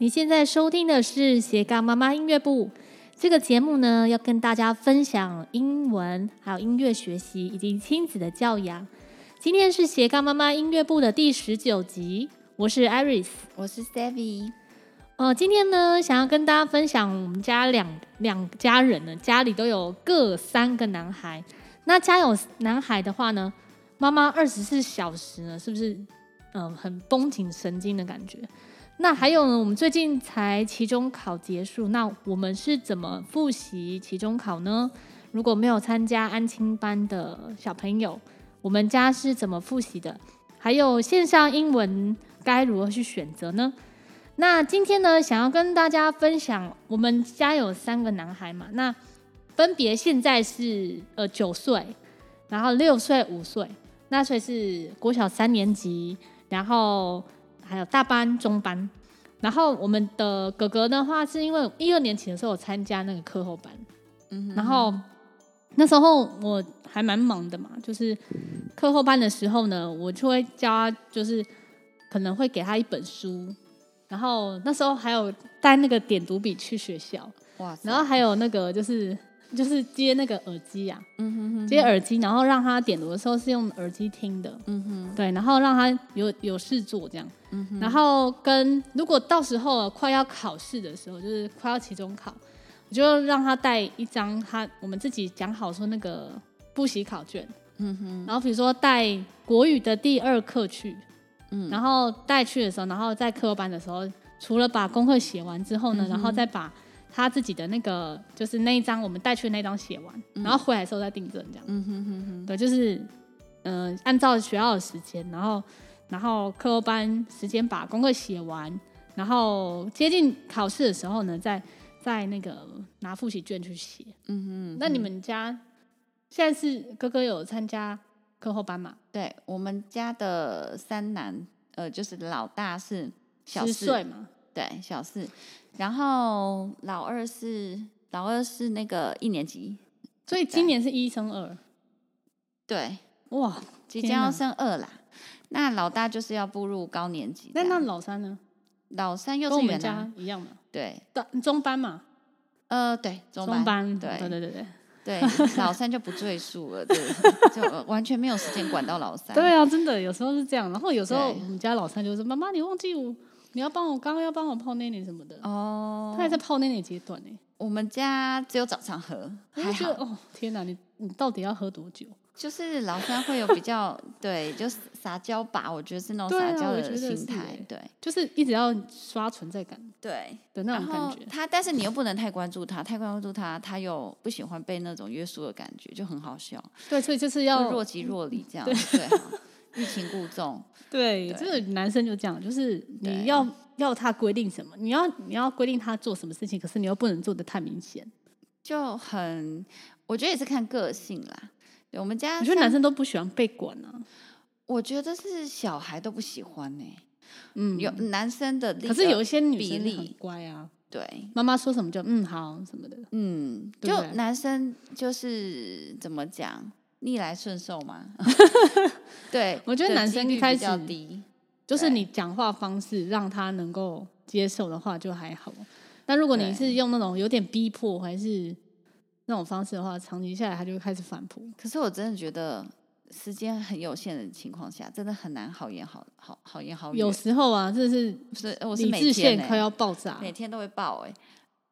你現在收聽的是斜槓媽媽音樂部，這個節目呢，要跟大家分享英文，還有音樂學習以及親子的教養。今天是斜槓媽媽音樂部的第十九集，我是 Iris，我是 Stevie。呃，今天呢，想要跟大家分享，我們家兩兩家人呢，家裡都有各三個男孩。那家有男孩的話呢，媽媽二十四小時呢，是不是，嗯，呃，很繃緊神經的感覺？那還有呢？我們最近才期中考結束，那我們是怎麼複習期中考呢？如果沒有參加安親班的小朋友，我們家是怎麼複習的？還有線上英文該如何去選擇呢？那今天呢，想要跟大家分享，我們家有三個男孩嘛，那分別現在是呃九歲，然後六歲、五歲，那所以是國小三年級，然後。還有大班、中班，然後我們的哥哥的話，是因為一二年級的時候參加那個課後班，嗯哼嗯哼，然後那時候我還蠻忙的嘛，就是課後班的時候呢，我就會教他，就是可能會給他一本書，然後那時候還有帶那個點讀筆去學校，哇，然後還有那個就是。就是接那個耳機呀、啊，嗯哼哼，接耳機，然後讓他點讀的時候是用耳機聽的，嗯哼，對，然後讓他有有事做這樣，嗯哼，然後跟如果到時候快要考試的時候，就是快要期中考，我就讓他帶一張他我們自己講好說那個複習考卷，嗯哼，然後比如說帶國語的第二課去，嗯，然後帶去的時候，然後在課後班的時候，除了把功課寫完之後呢，嗯、然後再把。他自己的那個就是那一張我們帶去的那張寫完，嗯，然後回來的時候再訂正，這樣。嗯哼哼哼，對，就是嗯、呃，按照學校的時間，然後然後課後班時間把功課寫完，然後接近考試的時候呢，再再那個拿複習卷去寫。嗯嗯。那你們家現在是哥哥有參加課後班嗎？對，我們家的三男，呃，就是老大是小四，十歲嘛？對，小四。然後老二是老二是那個一年級，所以今年是一升二，對，哇，即將要升二啦。那老大就是要步入高年級，那那老三呢？老三又是我們家一樣的，對，中班嘛。呃，對，中班，中班對，對對對對，對，老三就不贅述了，對 就完全沒有時間管到老三。對啊，真的有時候是這樣，然後有時候我們家老三就是媽媽，你忘記我。你要幫我，剛剛要幫我泡奶奶什麼的哦，oh, 他也在泡奶奶階段呢。我們家只有早上喝，還好。就哦，天哪，你你到底要喝多久？就是老三會有比較， 對，就是撒嬌吧，我覺得是那種撒嬌的心態，啊，對，就是一直要刷存在感，對的那種感覺。他，但是你又不能太關注他，太關注他，他又不喜歡被那種約束的感覺，就很好笑。對，所以就是要就若即若離，這樣對。對欲擒故縱，對，就是男生就這樣，就是你要要他規定什麼，你要你要規定他做什麼事情，可是你又不能做得太明顯，就很，我覺得也是看個性啦。我們家我覺得男生都不喜歡被管呢、啊。我覺得是小孩都不喜歡呢、欸。嗯，有男生的，的比例，可是有一些女生很乖啊，對，媽媽說什麼就嗯好什麼的，嗯，就對對男生就是怎麼講。逆來順受嘛， 對，我覺得男生一開始低，就是你講話方式讓他能夠接受的話就還好。但如果你是用那種有點逼迫，還是那種方式的話，長期下來他就會開始反撲。可是我真的覺得時間很有限的情況下，真的很難好言好好好言好語。有時候啊，就是是我是每天快要爆炸，每天都會爆哎，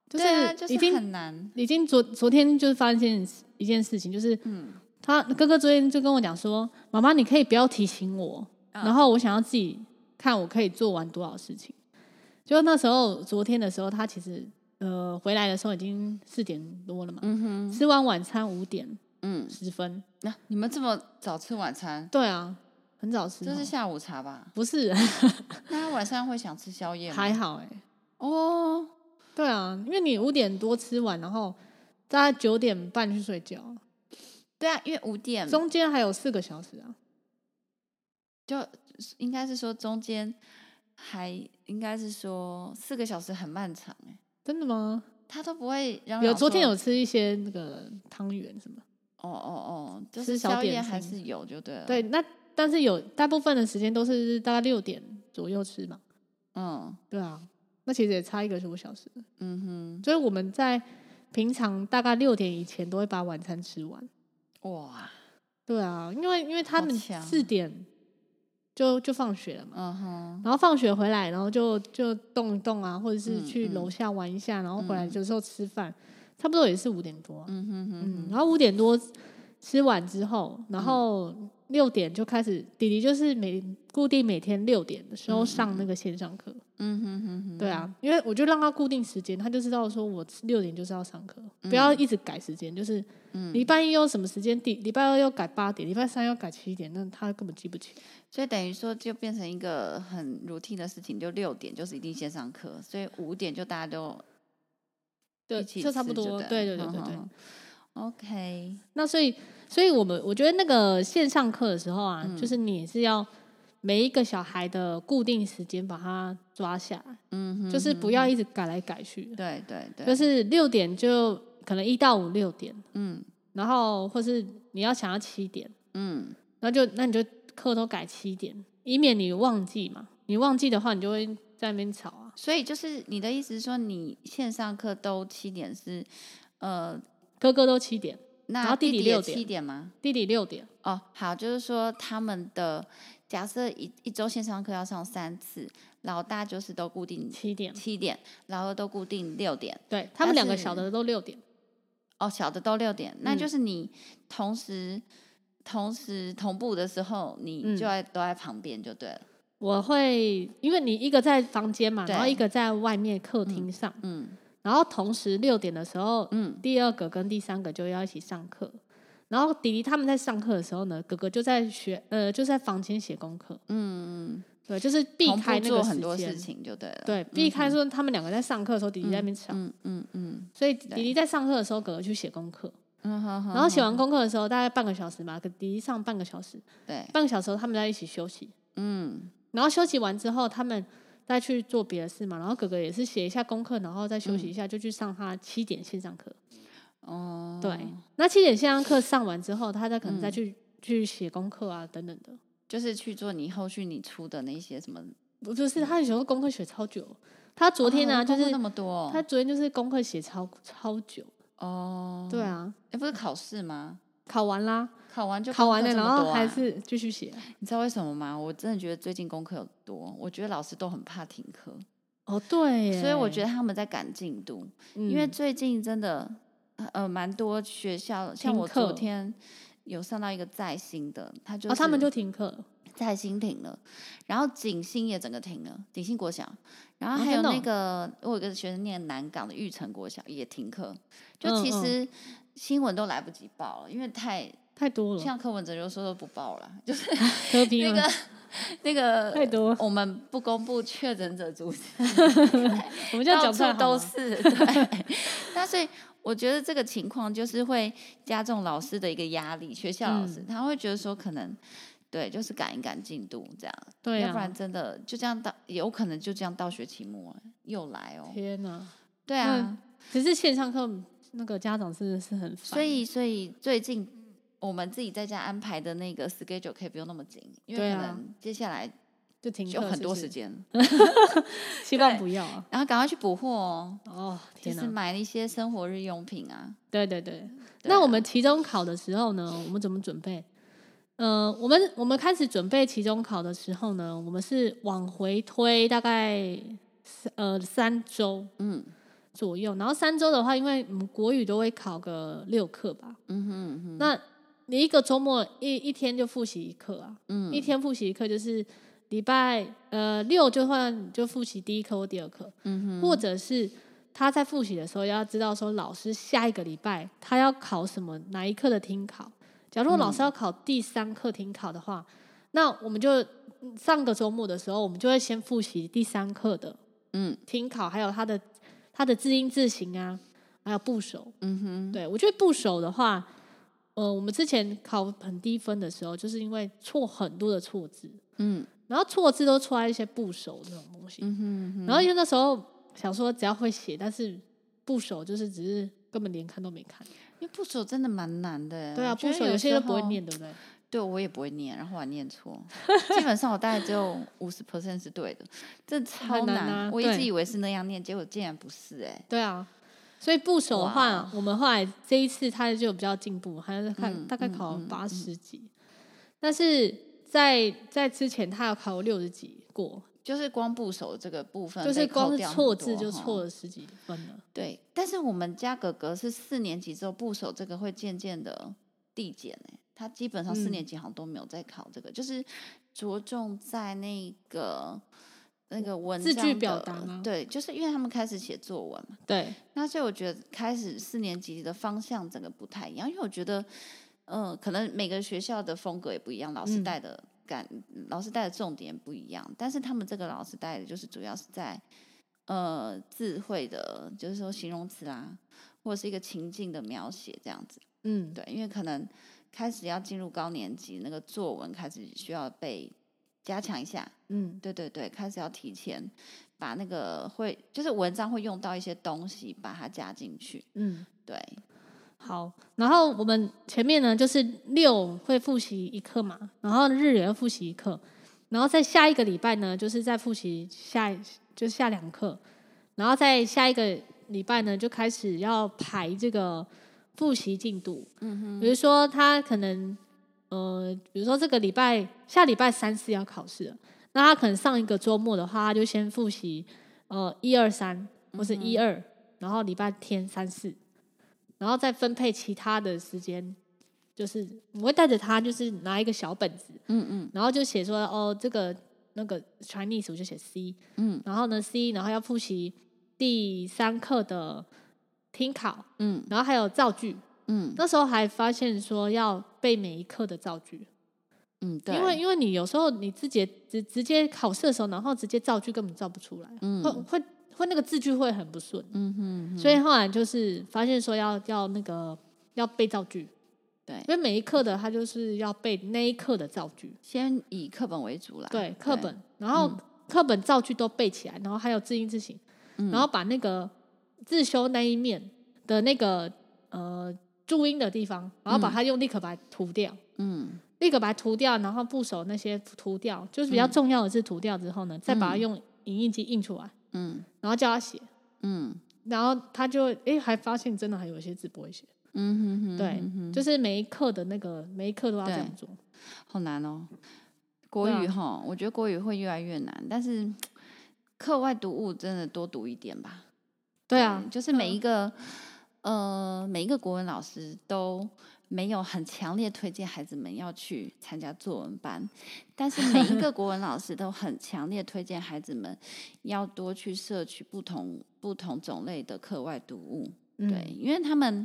就是已經很難。已經昨昨天就是發現一件事情，就是嗯。他哥哥昨天就跟我講說：“媽媽，你可以不要提醒我，然後我想要自己看我可以做完多少事情。”就那時候，昨天的時候，他其實呃回來的時候已經四點多了嘛。嗯哼。吃完晚餐五點、嗯、十分。啊，那你們這麼早吃晚餐？對啊，很早吃喔。這是下午茶吧？不是。那晚上會想吃宵夜嗎？ 還好欸。哦，對啊，因為你五點多吃完，然後大概九點半去睡覺。對啊，因為五點中間還有四個小時啊，就應該是說中間還應該是說四個小時很漫長哎、欸，真的嗎？他都不會讓有。昨天有吃一些那個湯圓什麼？哦哦哦，就是小夜、就是、還是有就對了。對，那但是有大部分的時間都是大概六點左右吃嘛。嗯，對啊，那其實也差一個十五小時。嗯哼，所以我們在平常大概六點以前都會把晚餐吃完。哇，對啊，因為因為他們四點就就,就放學了嘛，嗯哼，然後放學回來，然後就就動一動啊，或者是去樓下玩一下，嗯、然後回來有時候吃飯、嗯，差不多也是五點多、啊，嗯哼,哼,哼嗯然後五點多吃完之後，然後六點就開始、嗯，弟弟就是每固定每天六點的時候上那個線上課。嗯哼哼哼，對啊，因為我就讓他固定時間，他就知道說我六點就是要上課，mm -hmm. 不要一直改時間，就是，禮拜一用什麼時間第禮拜二要改八點，禮拜三要改七點，那他根本記不清。所以等於說就變成一個很 routine 的事情，就六點就是一定線上課，所以五點就大家都一起，對，就差不多，對對對對對呵呵，OK。那所以，所以我們我覺得那個線上課的時候啊，嗯、就是你是要。每一個小孩的固定時間把他抓下來，嗯，就是不要一直改來改去，對對對，就是六點就可能一到五六點，嗯，然後或是你要想要七點，嗯，那就那你就課都改七點，以免你忘記嘛。你忘記的話，你就會在那邊吵啊。所以就是你的意思是說，你線上課都七點是，呃，哥哥都七點，那弟弟六點七點嗎？弟弟六點。哦，好，就是說他們的。假設一一週線上課要上三次，老大就是都固定七點，七點，然後都固定六點，對，他們兩個小的都六點，哦，小的都六點，嗯、那就是你同時同時同步的時候，你就在、嗯、都在旁邊就對了。我會因為你一個在房間嘛，然後一個在外面客廳上。嗯，嗯，然後同時六點的時候，嗯，第二個跟第三個就要一起上課。然後弟弟他們在上課的時候呢，哥哥就在學，呃，就是、在房間寫功課。嗯嗯，對，就是避開那個很多事情就對了。對，嗯、避開說、嗯、他們兩個在上課的時候，弟、嗯、弟在那邊上。嗯嗯嗯。所以弟弟在上課的時候，哥哥去寫功課。嗯好。然後寫完功課的時候，大概半個小時吧，給弟弟上半個小時。對。半個小時他們在一起休息。嗯。然後休息完之後，他們再去做別的事嘛。然後哥哥也是寫一下功課，然後再休息一下，嗯、就去上他七點線上課。哦、oh.，對，那七點線上課上完之後，他再可能再去、嗯、去寫功課啊，等等的，就是去做你後續你出的那些什麼，不、就是、嗯、他有時候功課寫超久。他昨天呢、啊，oh, 就是那麼多，他昨天就是功課寫超超久。哦、oh.，對啊、欸，不是考試嗎？考完啦，考完就考完了、啊，然後還是繼續寫。你知道為什麼嗎？我真的覺得最近功課有多，我覺得老師都很怕停課。哦、oh,，對耶，所以我覺得他們在趕進度，因為最近真的。呃，蠻多學校，像我昨天有上到一個再興的，他就哦，他們就停課，再興停了，然後景興也整個停了，景興國小，然後還有那個、嗯、我有個學生念南港的玉成國小也停課，就其實新聞都來不及報了，因為太太多了，像柯文哲就說都不報了，就是 那個那個太多，我們不公布確診者住址， 我們就到處都是，對，但 是。 我覺得這個情況就是會加重老師的一個壓力，學校老師他會覺得說可能，對，就是趕一趕進度這樣，對啊，要不然真的就這樣到，有可能就這樣到學期末又來哦。天哪！對啊，可是線上課那個家長真的是很煩。所以所以最近我們自己在家安排的那個 schedule 可以不用那麼緊，因為可能接下來。就停就很多時間，是是 希望不要、啊，然後趕快去補貨哦。哦，天哪，就是買了一些生活日用品啊。對對對。對那我們期中考的時候呢，我們怎麼準備？嗯、呃，我們我們開始準備期中考的時候呢，我們是往回推大概呃三周，嗯，左右。然後三周的話，因為我們國語都會考個六課吧。嗯哼嗯哼，那你一個週末一一天就復習一課啊？嗯，一天復習一課就是。禮拜呃六就算就複習第一課或第二課，嗯哼，或者是他在複習的時候，要知道說老師下一個禮拜他要考什麼，哪一課的聽考。假如老師要考第三課聽考的話，嗯，那我們就上個週末的時候，我們就會先複習第三課的，嗯，聽考還有他的他的字音字形啊，還有部首，嗯哼，對我覺得部首的話，呃，我們之前考很低分的時候，就是因為錯很多的錯字，嗯。然後錯字都出來一些部首這種東西，然後因為那時候想說只要會寫，但是部首就是只是根本連看都沒看，因為部首真的蠻難的、欸。對啊，部首有些都不會念，對不對、嗯？嗯嗯欸、對、啊，我也不會念，然後還念錯，基本上我大概只有五十 percent 是對的，這超難，我一直以為是那樣念，結果竟然不是哎、欸。對啊，所以部首的話，我們後來這一次他就比較進步，好像看大概考了八十幾，但是。在在之前，他要考六十幾過，就是光部首這個部分，就是光是錯字就錯了十幾分了。對，但是我們家哥哥是四年級之後，部首這個會漸漸的遞減、欸、他基本上四年級好像都沒有在考這個，嗯、就是着重在那個那個文字句表達嗎？對，就是因為他們開始寫作文嘛。對，那所以我覺得開始四年級的方向整個不太一樣，因為我覺得。嗯，可能每個學校的風格也不一樣，老師帶的感，嗯、老師帶的重點不一樣。但是他們這個老師帶的，就是主要是在，呃，智慧的，就是說形容詞啦、啊，或者是一個情境的描寫這樣子。嗯，對，因為可能開始要進入高年級，那個作文開始需要被加強一下。嗯，對對對，開始要提前把那個會，就是文章會用到一些東西，把它加進去。嗯，對。好，然後我們前面呢，就是六會複習一課嘛，然後日也要複習一課，然後在下一個禮拜呢，就是再複習下就下兩課，然後在下一個禮拜呢，就開始要排這個複習進度。嗯哼，比如說他可能呃，比如說這個禮拜下禮拜三四要考試，那他可能上一個週末的話，他就先複習呃一二三或是一二、嗯，然後禮拜天三四。然後再分配其他的時間，就是我會帶着他，就是拿一個小本子，嗯嗯，然後就寫說哦，這個那個 Chinese 我就寫 C，嗯，然後呢 C，然後要複習第三課的聽考，嗯，然後還有造句，嗯，那時候還發現說要背每一課的造句，嗯，對，因為因為你有時候你自己直直接考試的時候，然後直接造句根本造不出來，嗯，會。會會那個字句會很不順，嗯哼，哼，所以後來就是發現說要要那個要背造句，對，因為每一課的他就是要背那一課的造句，先以課本為主啦，對，課本，然後課本造句都背起來，然後還有字音字形，嗯，然後把那個自修那一面的那個呃注音的地方，然後把它用立可白把它塗掉，嗯，立可白把它塗掉，然後部首那些塗掉，就是比較重要的是塗掉之後呢，嗯、再把它用影印機印出來。嗯，然後叫他寫，嗯，然後他就誒、欸，還發現真的還有一些字不會寫，嗯哼，哼哼，對，嗯、就是每一課的那個每一課都要這樣做，好難哦、喔。國語齁、啊，我覺得國語會越來越難，但是課外讀物真的多讀一點吧。對啊，對就是每一個、嗯、呃每一個國文老師都。沒有很強烈推薦孩子們要去參加作文班，但是每一個國文老師都很強烈推薦孩子們要多去攝取不同不同種類的課外讀物。對，嗯、因為他們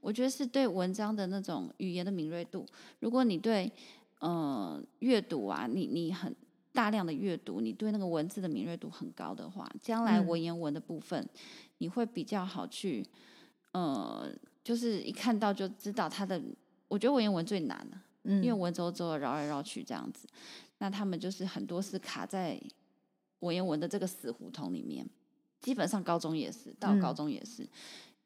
我覺得是對文章的那種語言的敏銳度。如果你對嗯、呃、閱讀啊，你你很大量的閱讀，你對那個文字的敏銳度很高的話，將來文言文的部分你會比較好去呃。就是一看到就知道他的，我覺得文言文最難了啊，因為文縐縐的繞來繞去這樣子，那他們就是很多是卡在文言文的這個死胡同裡面，基本上高中也是，到高中也是，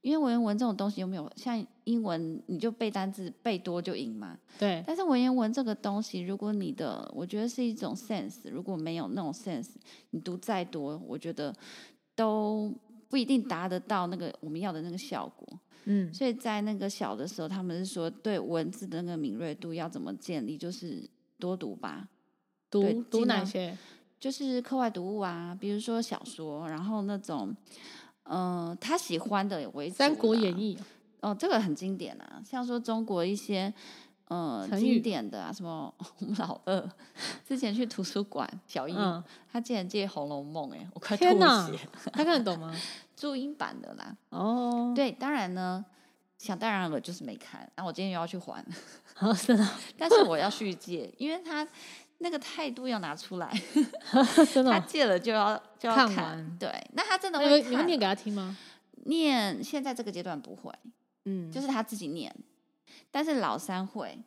因為文言文這種東西又沒有像英文，你就背單字，背多就贏嘛。對。但是文言文這個東西，如果你的我覺得是一種 sense，如果沒有那種 sense，你讀再多，我覺得都不一定達得到那個我們要的那個效果。嗯，所以在那個小的時候，他們是說對文字的那個敏銳度要怎麼建立？就是多讀吧。讀讀哪些？就是課外讀物啊，比如說小說，然後那種，嗯、呃，他喜歡的為主，《三國演義》哦，這個很經典啊，像說中國一些。嗯，經典的啊，什麼我們老二，之前去圖書館，小英、嗯、他竟然借《紅樓夢》哎，我快吐血！他看得懂嗎？ 注音版的啦。哦。對，當然呢，想當然我就是沒看，那我今天又要去還。是、哦、的？ 但是我要續借，因為他那個態度要拿出來。 的嗎 他借了就要就要看，就要看，看完。對，那他真的會？你、哎、會念給他聽嗎？念，現在這個階段不會。嗯，就是他自己念。但是老三會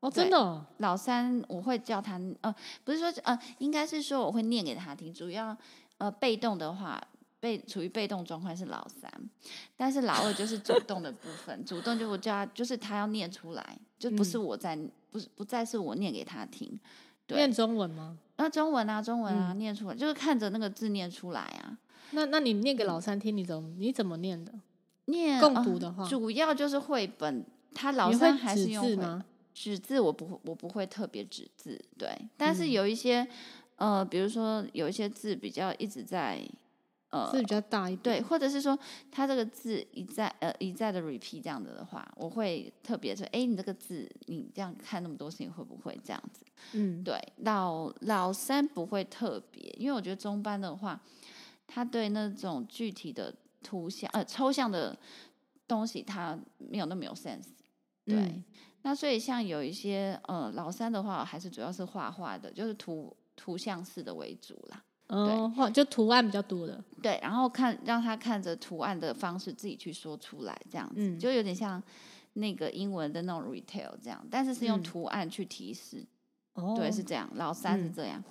哦，真的，哦、老三我會叫他呃，不是說呃，應該是說我會念給他聽。主要呃，被動的話，被處於被動狀態是老三，但是老二就是主動的部分， 主動就我叫他就是他要念出來，就不是我在，嗯、不是不再是我念給他聽。對，念中文嗎？那，啊、中文啊，中文啊，嗯，念出來就是看着那個字念出來啊。那那你念給老三聽，你怎麼，嗯、你怎麼念的？念共讀的話，呃、主要就是繪本。他老三還是用指字？指字我不我不會特別指字，對。但是有一些、嗯、呃，比如說有一些字比較一直在呃字比較大一點，或者是說他這個字一再呃一再的 repeat 這樣子的話，我會特別說：哎，你這個字你這樣看那麼多信會不會這樣子？嗯，對。老老三不會特別，因為我覺得中班的話，他對那種具體的圖像呃抽象的東西，他沒有那麼有 sense。對、嗯，那所以像有一些呃老三的話，還是主要是畫畫的，就是圖圖像式的為主啦。哦，畫就圖案比較多的。對，然後看讓他看着圖案的方式自己去說出來，這樣子、嗯、就有點像那個英文的那種 retell 這樣，但是是用圖案去提示。哦、嗯，對，是這樣，老三是這樣，嗯、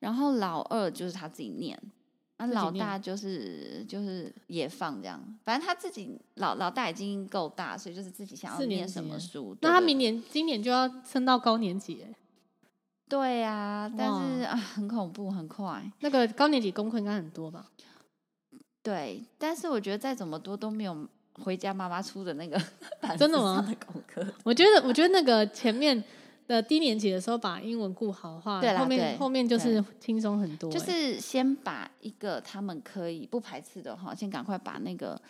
然後老二就是他自己念。那、啊、老大就是就是也放這樣，反正他自己老老大已經夠大，所以就是自己想要念什麼書。對對，那他明年今年就要升到高年級。對呀、啊，但是啊，很恐怖，很快。那個高年級功課應該很多吧？ 對，但是我覺得再怎麼多都沒有回家媽媽出的那個真的嗎？ 我覺得，我覺得那個前面。 的低年級的時候把英文顧好的話對啦，後面對後面就是輕鬆很多、欸。就是先把一個他們可以不排斥的話，先趕快把那個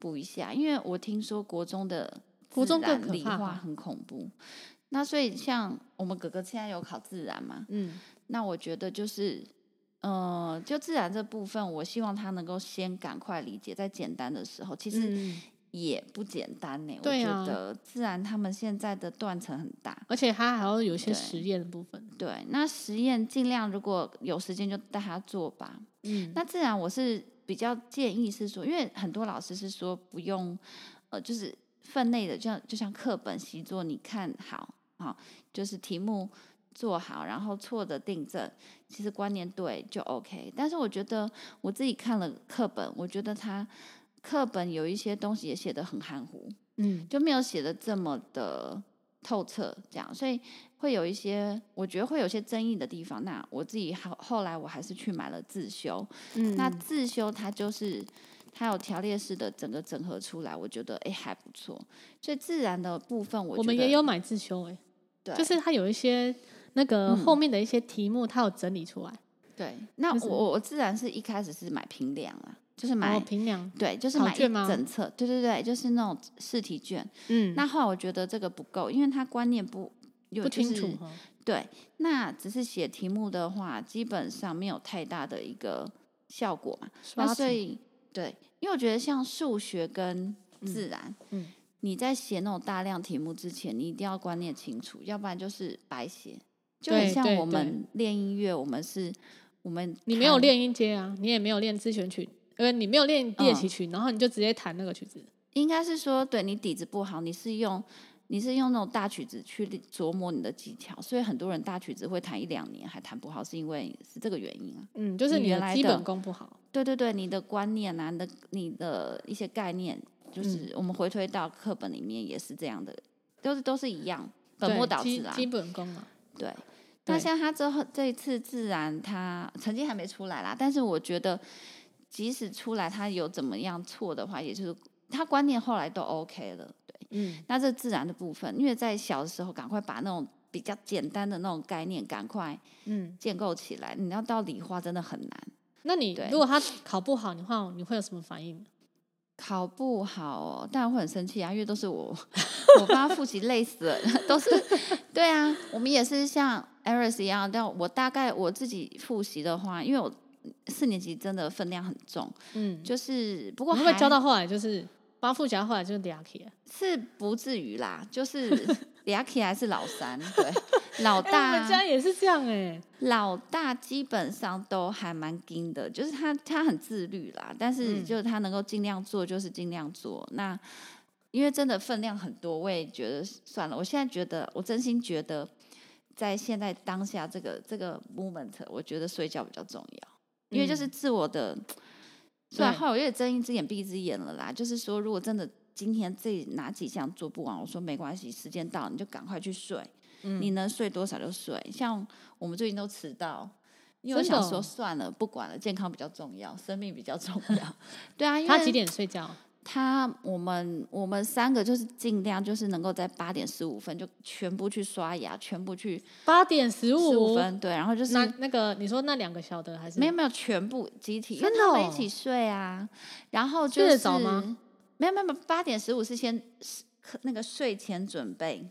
補一下，因為我聽說國中的理化，國中更可怕，很恐怖。那所以像我們哥哥現在有考自然嘛，嗯，那我覺得就是，呃，就自然這部分，我希望他能夠先趕快理解，在簡單的時候，其實、嗯。也不簡單呢，欸啊，我覺得自然他們現在的斷層很大，而且他還要有些實驗的部分。對，那實驗儘量如果有時間就帶他做吧。嗯，那自然我是比較建議是說，因為很多老師是說不用，呃，就是分內的，就像就像課本習作，你看好啊，就是題目做好，然後錯的訂正，其實觀念對就 OK。但是我覺得我自己看了課本，我覺得他。課本有一些東西也寫的很含糊，嗯，就沒有寫的這麼的透徹，這樣，所以會有一些，我覺得會有一些爭議的地方。那我自己後後來我還是去買了自修，嗯，那自修它就是它有條列式的整個整合出來，我覺得誒、欸、還不錯。所以自然的部分我覺得，我們也有買自修誒、欸，對，就是它有一些那個後面的一些題目，它有整理出來，嗯、對。那我我自然是一開始是買評量啊。就是買、哦、評量，對，就是買一整冊卷，對對對，就是那種試題卷。嗯，那後來我覺得這個不夠，因為他觀念不不清楚、就是。對，那只是寫題目的話，基本上沒有太大的一個效果嘛。那所以對，因為我覺得像數學跟自然，嗯，嗯，你在寫那種大量題目之前，你一定要觀念清楚，要不然就是白寫。就很像我們練音樂，我們是，我們你沒有練音階啊，你也沒有練自選曲。因為你沒有練練習曲、嗯，然後你就直接彈那個曲子。應該是說，對你底子不好，你是用你是用那種大曲子去琢磨你的技巧，所以很多人大曲子會彈一兩年還彈不好，是因為是這個原因啊。嗯，就是你的基本功不好。對對對，你的觀念啊，你的你的一些概念，就是我們回推到課本裡面也是這樣的，嗯、都是都是一樣，本末倒置啊，基本功嘛對。對。那像他之後這一次，自然他成績還沒出來啦，但是我覺得。即使出來他有怎麼樣錯的話，也就是他觀念後來都 OK 了，對，嗯，那這自然的部分，因為在小的時候，趕快把那種比較簡單的那種概念趕快，嗯，建構起來。嗯、你要到理化真的很難。那你如果他考不好的話，你話你會有什麼反應？考不好哦，當然會很生氣啊，因為都是我，我幫他複習累死了， 都是，對啊，我們也是像 Iris 一樣，但我大概我自己複習的話，因為我。四年級真的分量很重，嗯，就是不過會不教到後來就是把富家後來就是李亞琪。是不至於啦，就是李亞琪還是老三，對， 老大我、欸、家也是這樣哎、欸，老大基本上都還蠻盯的，就是他他很自律啦，但是就是他能夠盡量做就是盡量做、嗯，那因為真的分量很多，我也覺得算了，我現在覺得我真心覺得在現在當下這個這個 moment，我覺得睡覺比較重要。因為就是自我的，然、嗯、後來我也睜一隻眼閉一隻眼了啦。就是說，如果真的今天這哪幾項做不完，我說沒關係，時間到你就趕快去睡、嗯，你能睡多少就睡。像我們最近都遲到，因為我想說算了，不管了，健康比較重要，生命比較重要。 對啊，因為，他幾點睡覺？他我們我們三個就是盡量就是能夠在八點十五分就全部去刷牙，全部去，八點十五分對，然後就是那，那個你說那兩個小的還是沒有沒有全部集體，因為他們一起睡啊，然後、就是、睡得早嗎？沒有沒有沒有，八點十五是先那個睡前準備，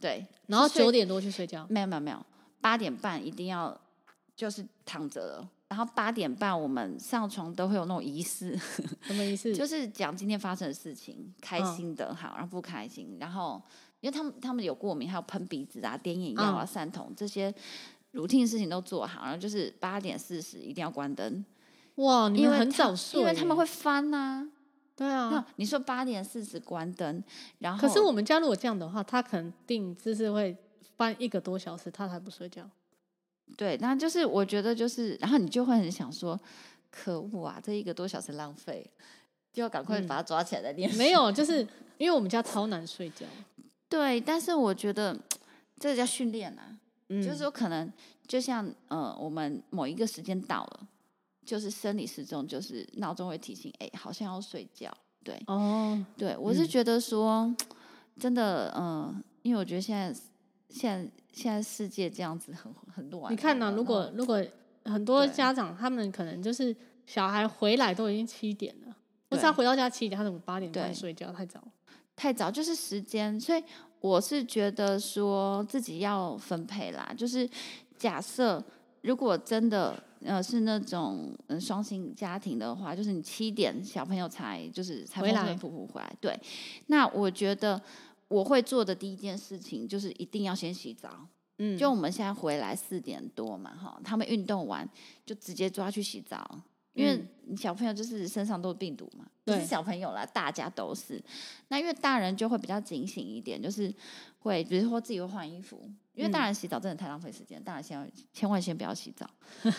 對，然後九點多去睡覺，沒有沒有沒有，八點半一定要就是躺着了。然後八點半我們上床都會有那種儀式，什麼儀式？ 就是講今天發生的事情，開心的好，嗯、然後不開心，然後因為他們他們有過敏，還有噴鼻子啊、點眼藥啊、嗯、散瞳這些 routine 的事情都做好，然後就是八點四十一定要關燈。哇，你很早睡因，因為他們會翻吶、啊。對啊，那你說八點四十關燈，然後可是我們家如果這樣的話，他肯定就是會翻一個多小時，他才不睡覺。對，那就是我覺得就是，然後你就會很想說：“可惡啊，這一個多小時浪費，就要趕快把它抓起來，來。嗯”練。沒有，就是因為我們家超難睡覺。 對，但是我覺得這個、叫訓練啊、嗯，就是說可能就像呃，我們某一個時間到了，就是生理時鐘，就是鬧鐘會提醒，哎，好像要睡覺。對哦，對我是覺得說、嗯、真的，嗯、呃，因為我覺得現在。現在現在世界這樣子很很亂。你看呢、啊？如果如果很多家長他們可能就是小孩回來都已經七點了，我才回到家七點，他怎麼八點才睡覺，就要太早，太早就是時間。所以我是覺得說自己要分配啦，就是假設如果真的呃是那種雙薪家庭的話，就是你七點小朋友才就是才回來，夫婦回來，對，那我覺得。我會做的第一件事情就是一定要先洗澡。嗯，就我們現在回來四點多嘛，哈，他們運動完就直接抓去洗澡，因為小朋友就是身上都是病毒嘛。對，小朋友啦，大家都是。那因為大人就會比較警醒一點，就是會比如說自己會換衣服，因為大人洗澡真的太浪費時間，大人先要千萬先不要洗澡，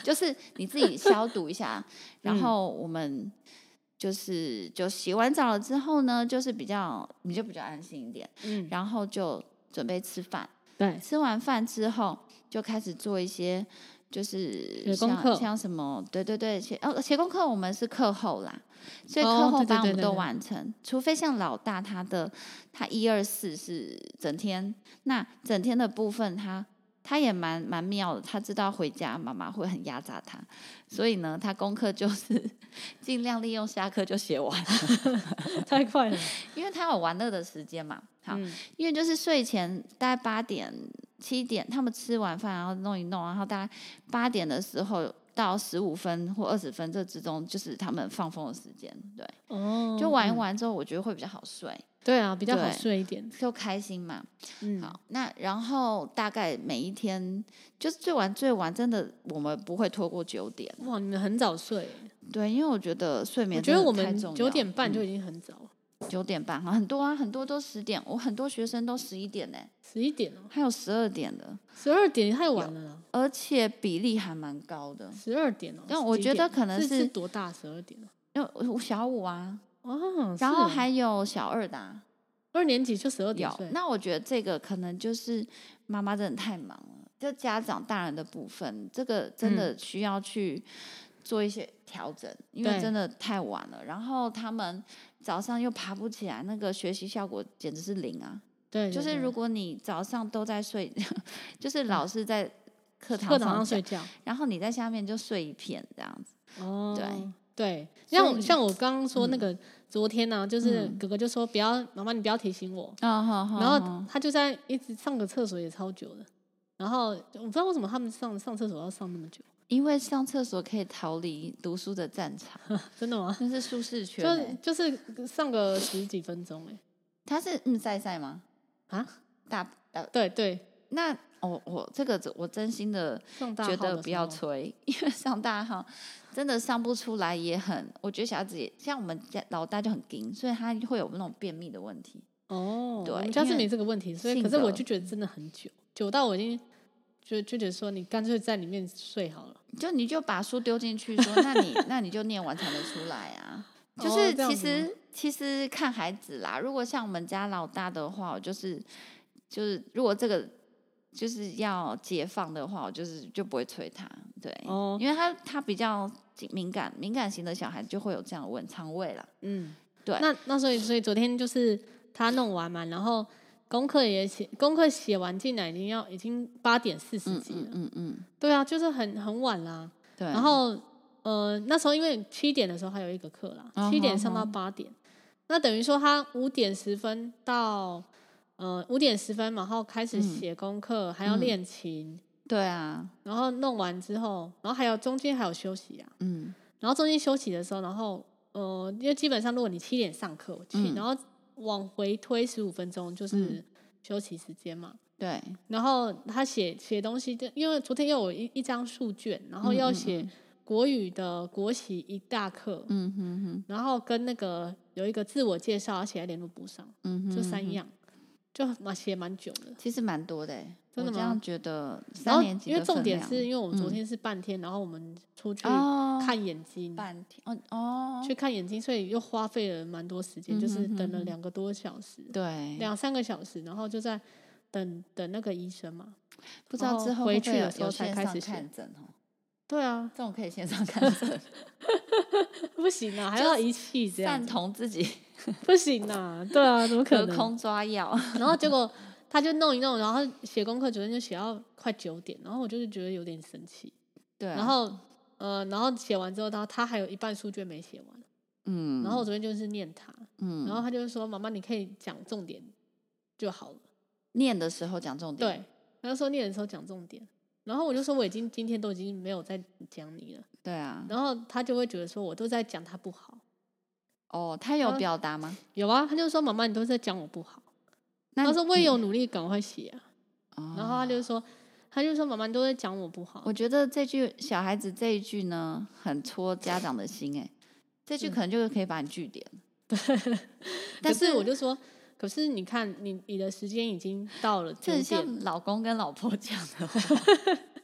就是你自己消毒一下，然後我們。就是就洗完澡了之後呢，就是比較你就比較安心一點，嗯，然後就準備吃飯，嗯，吃完飯之後就開始做一些就是像像什麼對對對，學哦學功課，我們是課後啦，所以課後班我們都完成，哦，除非像老大他的他一二四是整天，那整天的部分他。他也蠻蠻妙的，他知道回家媽媽會很壓榨他、嗯，所以呢，他功課就是盡量利用下課就寫完了，太快了，因為他有玩樂的時間嘛。好，嗯、因為就是睡前大概八點七點，他們吃完飯然後弄一弄，然後大概八點的時候到十五分或二十分這之中，就是他們放風的時間。對，哦、就玩一玩之後，我覺得會比較好睡。對啊，比較好睡一點，就開心嘛。嗯，好，那然後大概每一天就是最晚最晚，真的我們不會拖過九點。哇，你們很早睡。對，因為我覺得睡眠真的太重要。我覺得我們九點半就已經很早了。嗯，九點半，哈，很多啊，很多都十點，我很多學生都十一點嘞、欸，十一點哦，還有十二點的，十二點太晚了，而且比例還蠻高的。十二點哦，但我覺得可能是，是，是多大十二點？因為我小五啊。哦，然後還有小二的、啊，二年級就十二點睡。那我覺得這個可能就是媽媽真的太忙了，就家長大人的部分，這個真的需要去做一些調整，嗯、因為真的太晚了。然後他們早上又爬不起來，那個學習效果簡直是零啊。對，對，對，就是如果你早上都在睡，就是老師在課堂上睡覺、嗯，然後你在下面就睡一片這樣子。哦，對對，像我像我剛剛說那個。嗯昨天呢、啊，就是哥哥就說不要，媽媽你不要提醒我。啊，好，好。然後他就在一直上個廁所也超久了，然後我不知道為什麼他們上上廁所要上那麼久。因為上廁所可以逃離讀書的戰場呵呵，真的嗎？那是舒適圈、欸就。就就是上個十幾分鐘哎、欸。他是嗯，曬曬嗎？啊，大，大對對。那、哦、我我這個我真心的，覺得，的覺得不要催，因為上大號。真的上不出來也很，我覺得小孩子也像我們家老大就很硬，所以他會有那種便祕的問題。哦、oh,，對，我們家是沒這個問題，所以可是我就覺得真的很久，久到我已經就就覺得說，你乾脆在裡面睡好了，就你就把書丟進去說，說 那你那你就念完才能出來啊。就是其實、oh, 其實其實看孩子啦，如果像我們家老大的話，我就是就是如果這個。就是要解放的話，我就是就不會催他，對，哦、因為他他比較敏感，敏感型的小孩就會有這樣問腸胃了，嗯，對。那那所以所以昨天就是他弄完嘛，然後功課也寫，功課寫完進來已經要已經八點四十幾了，嗯嗯，嗯，嗯，對啊，就是很很晚啦，對。然後呃那時候因為七點的時候還有一個課啦、嗯，七點上到八點，嗯嗯、那等於說他五點十分到。呃，五點十分，然後開始寫功課，嗯、還要練琴，對、嗯、啊。然後弄完之後，然後還有中間還有休息啊。嗯。然後中間休息的時候，然後呃，因為基本上如果你七點上課去、嗯，然後往回推十五分鐘就是休息時間嘛。對、嗯。然後他寫寫東西，因為昨天又有一一張數卷，然後要寫國語的國習一大課，嗯哼哼、嗯嗯嗯。然後跟那個有一個自我介紹，而且還聯絡簿上，嗯,嗯,嗯就三樣。就蠻寫蠻久的、的，其實蠻多的、欸。我這樣覺得三年、哦，因為重點是因為我們昨天是半天、嗯，然後我們出去看眼睛。哦、半天，哦去看眼睛，所以又花費了蠻多時間，嗯，就是等了兩個多小時，對、嗯，兩三個小時，然後就在等等那個醫生嘛，不知道之後回去的時候才開始看診。哦。對啊，這種可以線上看診，啊、看 不行啊，還要儀器這樣，贊同自己。 不行啦，啊，對啊，怎麼可能？空抓藥， 然後結果他就弄一弄，然後寫功課，昨天就寫到快九點，然後我就是覺得有點生氣，對、啊。然後，呃，然後寫完之後，他他還有一半試卷沒寫完，嗯。然後我昨天就是念他，嗯。然後他就說：“媽媽，你可以講重點就好了。”念的時候講重點，對。他就說：“念的時候講重點。”然後我就說：“我已經今天都已經沒有在講你了。”對啊。然後他就會覺得說：“我都在講他不好。”哦，他有表達嗎、哦？有啊，他就說：“媽媽，你都是在講我不好。”他說：“我也有努力趕快寫、啊哦、然後他就說：“他就說媽媽都在講我不好。”我覺得這句小孩子這一句呢，很戳家長的心哎、欸。這句可能就是可以把你句點。對、嗯。但是，是我就說，可是你看，你你的時間已經到了，這是像老公跟老婆講的話。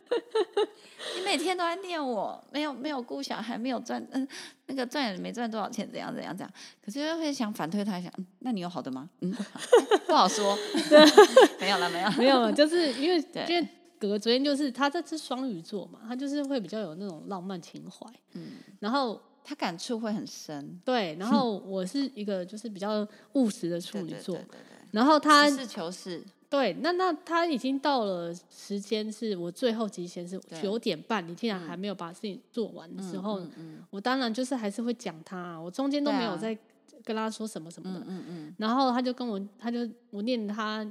每天都在念我，沒有沒有顧小孩，沒有賺嗯，那個賺也沒賺多少錢，怎樣怎樣怎樣。可是又會想反推他想、嗯，那你有好的嗎？嗯， 不好說， 沒有了沒有了沒有了，就是因為因為哥哥昨天就是他這次雙魚座嘛，他就是會比較有那種浪漫情懷，嗯，然後他感觸會很深，對，然後我是一個就是比較務實的處女座對對對對對，然後他實事求是。對，那那他已經到了時間，是我最後期限是九點半，你竟然還沒有把事情做完的時候，我當然就是還是會講他，我中間都沒有在跟他說什麼什麼的，啊、嗯嗯，嗯，然後他就跟我，他就我念他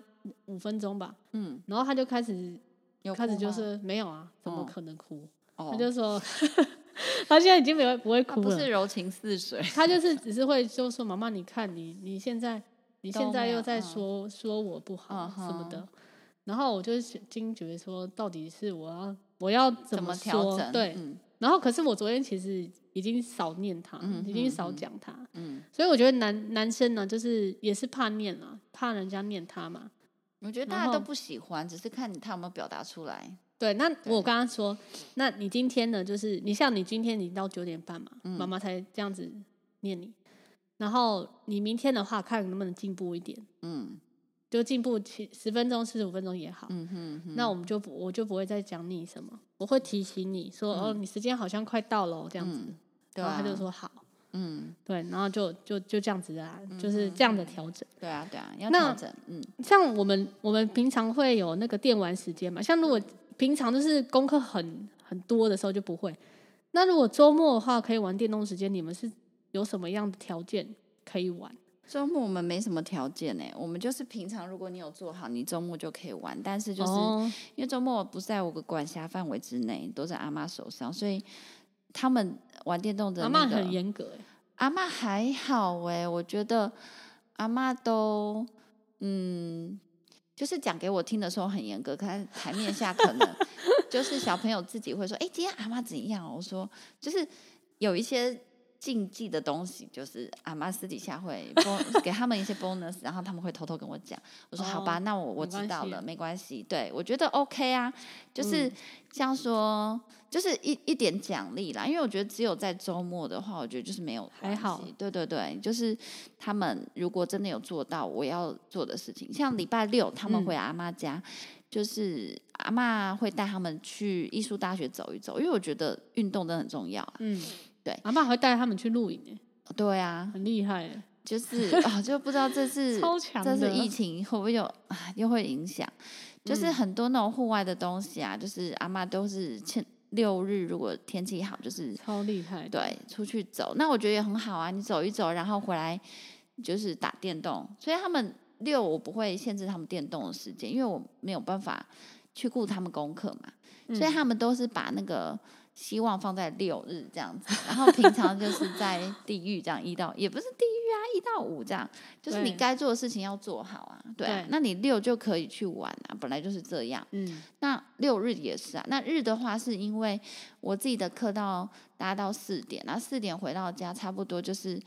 五分鐘吧，嗯，然後他就開始開始就是沒有啊，怎麼可能哭？哦、他就說、哦、 他現在已經沒有不會哭了，他不是柔情似水， 他就是只是會就說媽媽，你看你你現在。你現在又在說說我不好什麼的，uh-huh、然後我就驚覺說，到底是我要我要怎麼，怎麼調整？對、嗯，然後可是我昨天其實已經少念他，嗯、已經少講他、嗯嗯，所以我覺得男男生呢，就是也是怕念啊，怕人家念他嘛。我覺得大家都不喜歡，只是看他有沒有表達出來。對，那我剛剛說，那你今天呢？就是你像你今天你到九點半嘛，嗯、媽媽才這樣子念你。然後你明天的話，看能不能進步一點。嗯，就進步十十分鐘、四十五分鐘也好。嗯哼哼。那我們就不我就不會再講你什麼，我會提醒你說：“嗯、哦，你時間好像快到了，這樣子。”嗯、對啊。然後他就說好。嗯。對，然後就就就這樣子的啊、嗯，就是這樣的調整。對，對啊對啊，要調整，那。嗯。像我們我們平常會有那個電玩時間嘛？像如果平常都是功課很很多的時候就不會。那如果周末的話，可以玩電動時間，你們是？有什麼樣的條件可以玩？周末我們沒什麼條件呢、欸。我們就是平常，如果你有做好，你周末就可以玩。但是就是，因為周末不在我的管轄範圍之內，都在阿媽手上，所以他們玩電動的阿媽很嚴格。阿媽還好、欸、我覺得阿媽都嗯，就是講給我聽的時候很嚴格，可是台面下可能就是小朋友自己會說：“哎，今天阿媽怎樣？”我說就是有一些。競技的東西就是阿媽私底下會給給他們一些 bonus， 然後他們會偷偷跟我講。我說好吧、哦，那我我知道了，沒關係。對我覺得 OK 啊，嗯、就是像說就是一一點獎勵啦，因為我覺得只有在周末的話，我覺得就是沒有還好。對對對，就是他們如果真的有做到我要做的事情，像禮拜六他們回阿媽家、嗯，就是阿媽會帶他們去藝術大學走一走，因為我覺得運動真的很重要、啊。嗯。對，阿嬤會帶他們去露營。對啊，很厲害，就是啊、 哦，就不知道這次 這次疫情會不會有啊？又會影響、嗯，就是很多那種戶外的東西啊，就是阿嬤都是趁六日如果天氣好就是超厲害，對，出去走。那我覺得也很好啊，你走一走，然後回來就是打電動。所以他們六我不會限制他們電動的時間，因為我沒有辦法去顧他們功課嘛、嗯，所以他們都是把那個。希望放在六日這樣子，然後平常就是在地獄這樣 一到也不是地獄啊，一到五這樣，就是你該做的事情要做好啊，對，對，啊對，那你六就可以去玩啊，本來就是這樣，嗯，那六日也是啊，那日的話是因為我自己的課到搭到四點，然後四點回到家差不多就是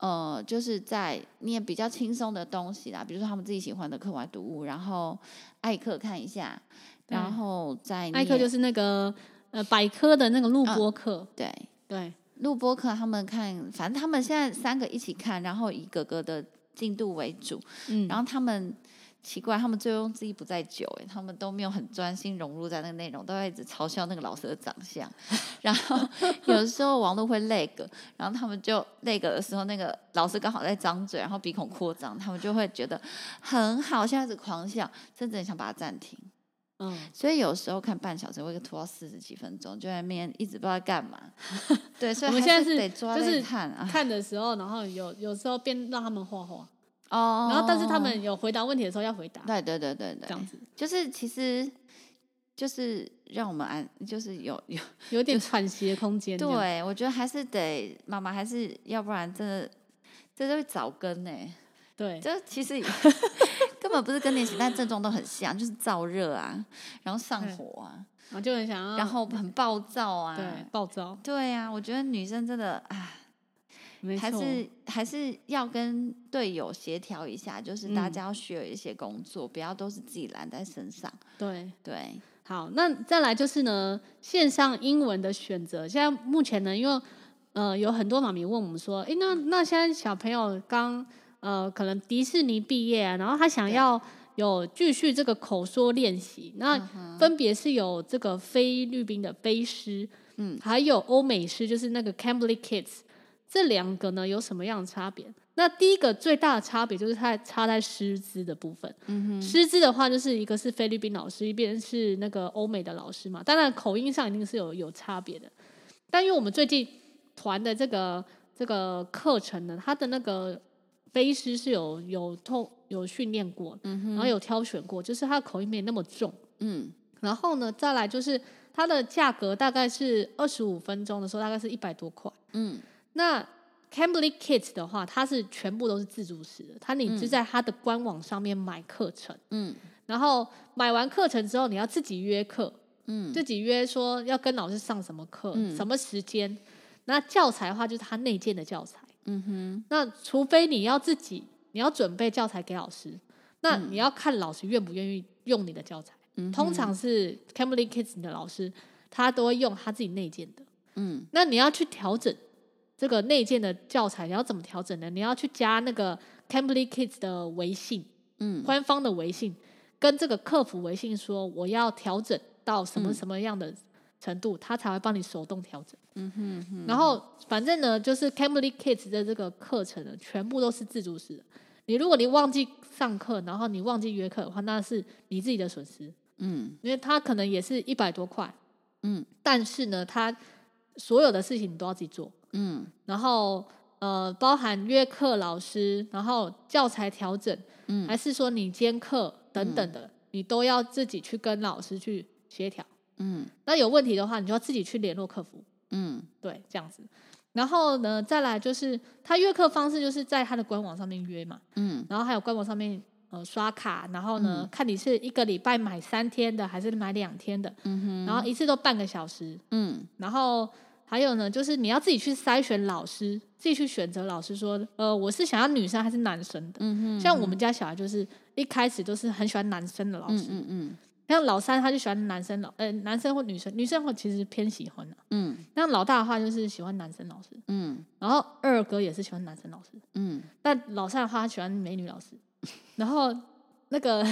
呃，就是在念比較輕鬆的東西啦，比如說他們自己喜歡的課外讀物，然後艾克看一下，然後在艾克就是那個。呃，百科的那個錄播課。哦，對對，錄播課他們看，反正他們現在三個一起看，然後以哥哥的進度為主，嗯，然後他們奇怪，他們醉翁之意不在酒，哎，他們都沒有很專心融入在那個內容，都在一直嘲笑那個老師的長相，然後有的時候網絡會 lag 然後他們就 lag 的時候，那個老師剛好在張嘴，然後鼻孔擴張，他們就會覺得很好，現在是狂笑，甚至很想把它暫停。嗯，所以有時候看半小時，我會拖到四十幾分鐘，就在那邊一直不知道幹嘛。 對，所以還是得抓著看啊。 就是看的時候，然後有有時候邊讓他們畫畫。哦、oh。然後，但是他們有回答問題的時候要回答。對對對對對，這樣子就是其實就是讓我們安，就是有有有點喘息的空間。 對，我覺得還是得媽媽，媽媽還是要不然真的這都會早更哎。對，就其實根本不是更年期， 但症狀都很像，就是燥熱啊，然後上火啊，就很想要然後很暴躁啊，對暴躁，對呀、啊，我覺得女生真的哎還是還是要跟隊友協調一下，就是大家要分一些工作、嗯，不要都是自己攬在身上。對對，好，那再來就是呢，線上英文的選擇，現在目前呢，因為呃有很多網民問我們說，哎、欸，那那現在小朋友剛。呃，可能迪士尼畢業、啊，然後他想要有繼續這個口說練習。那分別是有這個菲律賓的菲師，嗯，還有歐美師，就是那個 c a m b e l y Kids。這兩個呢有什麼樣的差別？那第一個最大的差別就是它差在師資的部分。嗯、師資的話，就是一個是菲律賓老師，一邊是那個歐美的老師嘛。當然口音上一定是有有差別的。但因為我們最近團的這個這個課程呢，它的那個。菲詩是有有痛，有訓練過，嗯哼，然後有挑選過，就是他的口音沒那麼重。嗯，然後呢，再來就是它的價格大概是二十五分鐘的時候，大概是一百多塊。嗯，那 Cambly Kids 的話，它是全部都是自助式的，他你就在他的官網上面買課程。嗯，然後買完課程之後，你要自己約課。嗯，自己約說要跟老師上什麼課，嗯，什麼時間。那教材的話，就是他內建的教材。嗯哼，那除非你要自己，你要準備教材給老師，那你要看老師願不願意用你的教材。嗯、mm -hmm.，通常是 Cambly Kids 的老師，他都會用他自己內建的。嗯、mm -hmm.，那你要去調整這個內建的教材，你要怎麼調整呢？你要去加那個 Cambly Kids 的微信，嗯、mm -hmm.，官方的微信，跟這個客服微信說，我要調整到什麼什麼樣的、mm。-hmm. 程度，他才會幫你手動調整。嗯哼哼。然後反正呢，就是 Cambly Kids 的這個課程呢，全部都是自助式的。你如果你忘記上課，然後你忘記約課的話，那是你自己的損失。嗯。因為他可能也是一百多塊。嗯。但是呢，他所有的事情你都要自己做。嗯。然後呃，包含約課老師，然後教材調整，嗯，還是說你兼課等等的，嗯。你都要自己去跟老師去協調。嗯，那有問題的話，你就要自己去聯絡客服。嗯，對，這樣子。然後呢，再來就是他約課方式，就是在他的官網上面約嘛。嗯，然後還有官網上面呃刷卡，然後呢、嗯、看你是一個禮拜買三天的還是買兩天的。嗯哼。然後一次都半個小時。嗯。然後還有呢，就是你要自己去篩選老師，自己去選擇老師說，說呃我是想要女生還是男生的。嗯哼。像我們家小孩就是、嗯、一開始都是很喜歡男生的老師。嗯嗯嗯。像老三，他就喜歡男生老，呃、欸，男生或女生，女生我其實偏喜歡、啊、嗯。那老大的話，就是喜歡男生老師。嗯。然後二哥也是喜歡男生老師。嗯。但老三的話，他喜歡美女老師。嗯、然後那個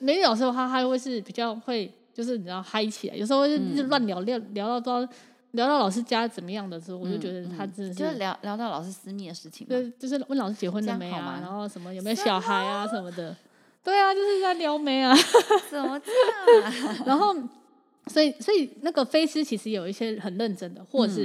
美女老師的話，他會是比較會，就是你知道嗨起來，有時候就亂聊、嗯、聊聊到都聊到老師家怎麼樣的時候，我就覺得他真的是。嗯嗯、就是聊聊到老師私密的事情。就是問老師結婚了沒有嘛、啊，然後什麼有沒有小孩啊？啊什麼的。對啊，就是在撩妹啊！ 怎麼這樣、啊？ 然後，所以，所以那個菲師其實有一些很認真的，或者是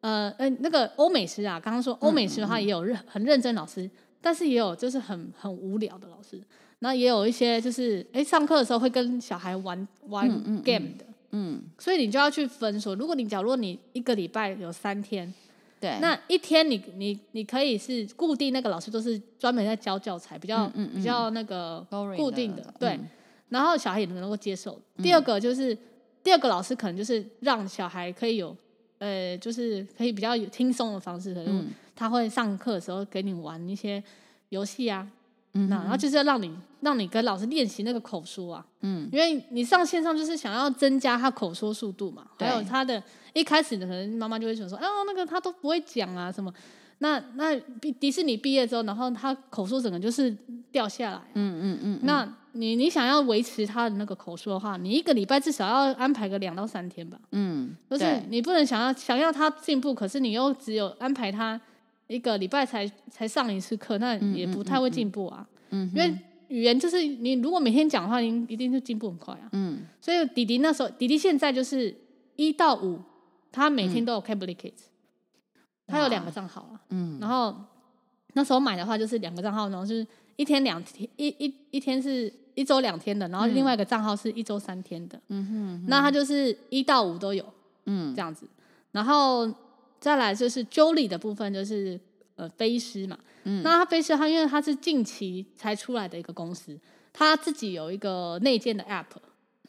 呃，嗯，呃欸、那個歐美師啊，剛剛說歐美師的話也有認很認真的老師嗯嗯，但是也有就是很很無聊的老師。那也有一些就是，哎、欸，上課的時候會跟小孩玩玩 game 的。嗯，嗯，嗯，嗯，所以你就要去分說，如果你假如你一個禮拜有三天。對，那一天你你你可以是固定那個老師，都是專門在教教材，比較，嗯嗯嗯，比較那個固定的，的對、嗯。然後小孩也能夠接受。嗯、第二個就是第二個老師，可能就是讓小孩可以有呃，就是可以比較有輕鬆的方式，可能、嗯、他會上課的時候給你玩一些遊戲啊，嗯、那然後就是要讓你讓你跟老師練習那個口說啊，嗯，因為你上線上就是想要增加他口說速度嘛，還有他的。一開始的可能媽媽就會想說：“啊、哦，那個他都不會講啊，什麼？”那那迪士尼畢業之後，然後他口說整個就是掉下來、啊，嗯嗯嗯。那你你想要維持他的那個口說的話，你一個禮拜至少要安排個兩到三天吧。嗯，不是，你不能想要想要他進步，可是你又只有安排他一個禮拜才才上一次課，那也不太會進步啊嗯嗯嗯。嗯，因為語言就是你如果每天講的話，你一定就進步很快啊。嗯，所以迪迪那時候，迪迪現在就是一到五。他每天都有 Capable、嗯、Kids，他有兩個賬號啊。嗯，然後那時候買的話就是兩個賬號，然後就是一天兩天一一一,一天是一周兩天的，嗯、然後另外一個賬號是一周三天的，嗯哼，那他就是一到五都有，嗯，這樣子，然後再來就是 Jolly 的部分就是呃飛詩嘛，嗯，那他飛獅他因為他是近期才出來的一個公司，他自己有一個內建的 App，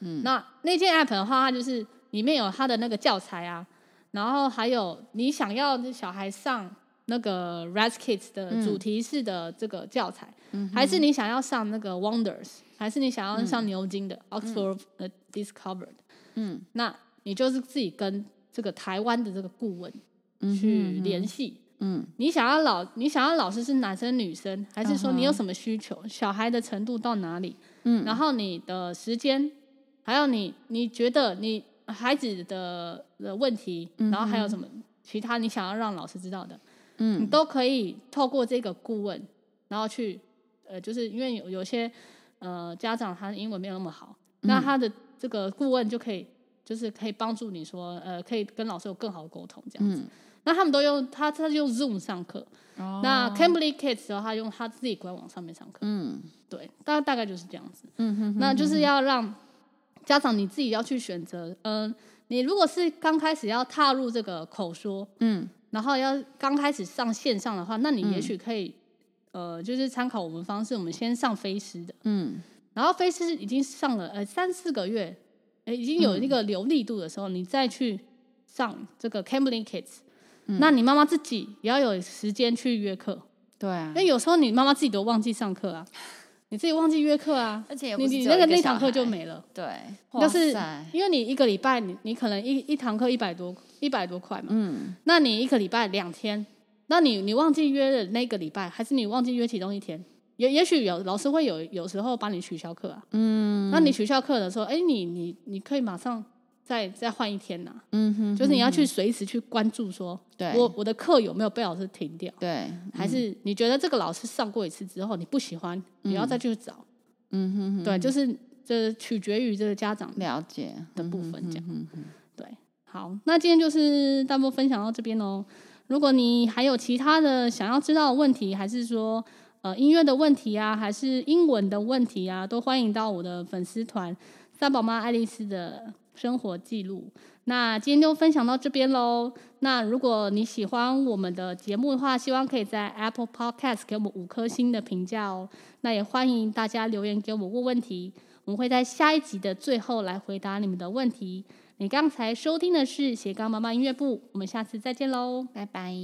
嗯，那內建 App 的話，他就是裡面有他的那個教材啊。然後還有，你想要這小孩上那個 Raz-Kids 的主題式的這個教材，嗯，還是你想要上那個 Wonders，還是你想要上牛津的，嗯、Oxford 的 Discover？嗯，那你就是自己跟這個台灣的這個顧問去聯繫。嗯，嗯，你想要老你想要老師是男生女生，還是說你有什麼需求？小孩的程度到哪裡？嗯，然後你的時間，還有你你覺得你。孩子的，的問題，嗯，然後還有什麼其他你想要讓老師知道的，嗯，你都可以透過這個顧問，然後去呃，就是因為有有些呃家長他的英文沒有那麼好，嗯，那他的這個顧問就可以就是可以幫助你說呃，可以跟老師有更好的溝通這樣子，嗯。那他們都用他他用 Zoom 上課，哦，那 Cambly Kids 的話，他用他自己官網上面上課，嗯，對，大大概就是這樣子，嗯哼、哼、哼、哼，那就是要讓。家長你自己要去選擇，嗯、呃，你如果是剛開始要踏入這個口說，嗯，然後要剛開始上線上的話，那你也許可以，嗯、呃，就是參考我們方式，我們先上飛斯的，嗯，然後飛斯已經上了呃三四個月，呃、已經有那個流利度的時候，嗯、你再去上這個 Cambly Kids，、嗯、那你媽媽自己也要有時間去約課，對、啊，因為有時候你媽媽自己都忘記上課啊。你自己忘記約課啊，而且你你那個那堂課就沒了。對，但是因為你一個禮拜你，你你可能一一堂課一百多一百多塊嘛。嗯。那你一個禮拜兩天，那你你忘記約了那個禮拜，還是你忘記約其中一天？也也許有老師會有有時候幫你取消課啊。嗯。那你取消課的時候，哎，你你你可以馬上再再換一天呢、啊、嗯哼，就是你要去隨時去關注說，說、嗯嗯、我我的課有沒有被老師停掉，對，還是你覺得這個老師上過一次之後你不喜歡，嗯、你要再去找嗯哼，嗯哼，對，就是這、就是、取決於這個家長了解的部分這樣，嗯嗯，嗯哼，對，好，那今天就是大部分分享到這邊嘍、哦。如果你還有其他的想要知道的問題，還是說呃音樂的問題啊，還是英文的問題啊，都歡迎到我的粉絲團三寶媽愛麗絲的。生活記錄，那今天就分享到這邊嘍。那如果你喜歡我們的節目的話，希望可以在 Apple Podcast 給我們五顆星的評價哦。那也歡迎大家留言給我問問題，我們會在下一集的最後來回答你們的問題。你剛才收聽的是斜槓媽媽音樂部，我們下次再見嘍，拜拜。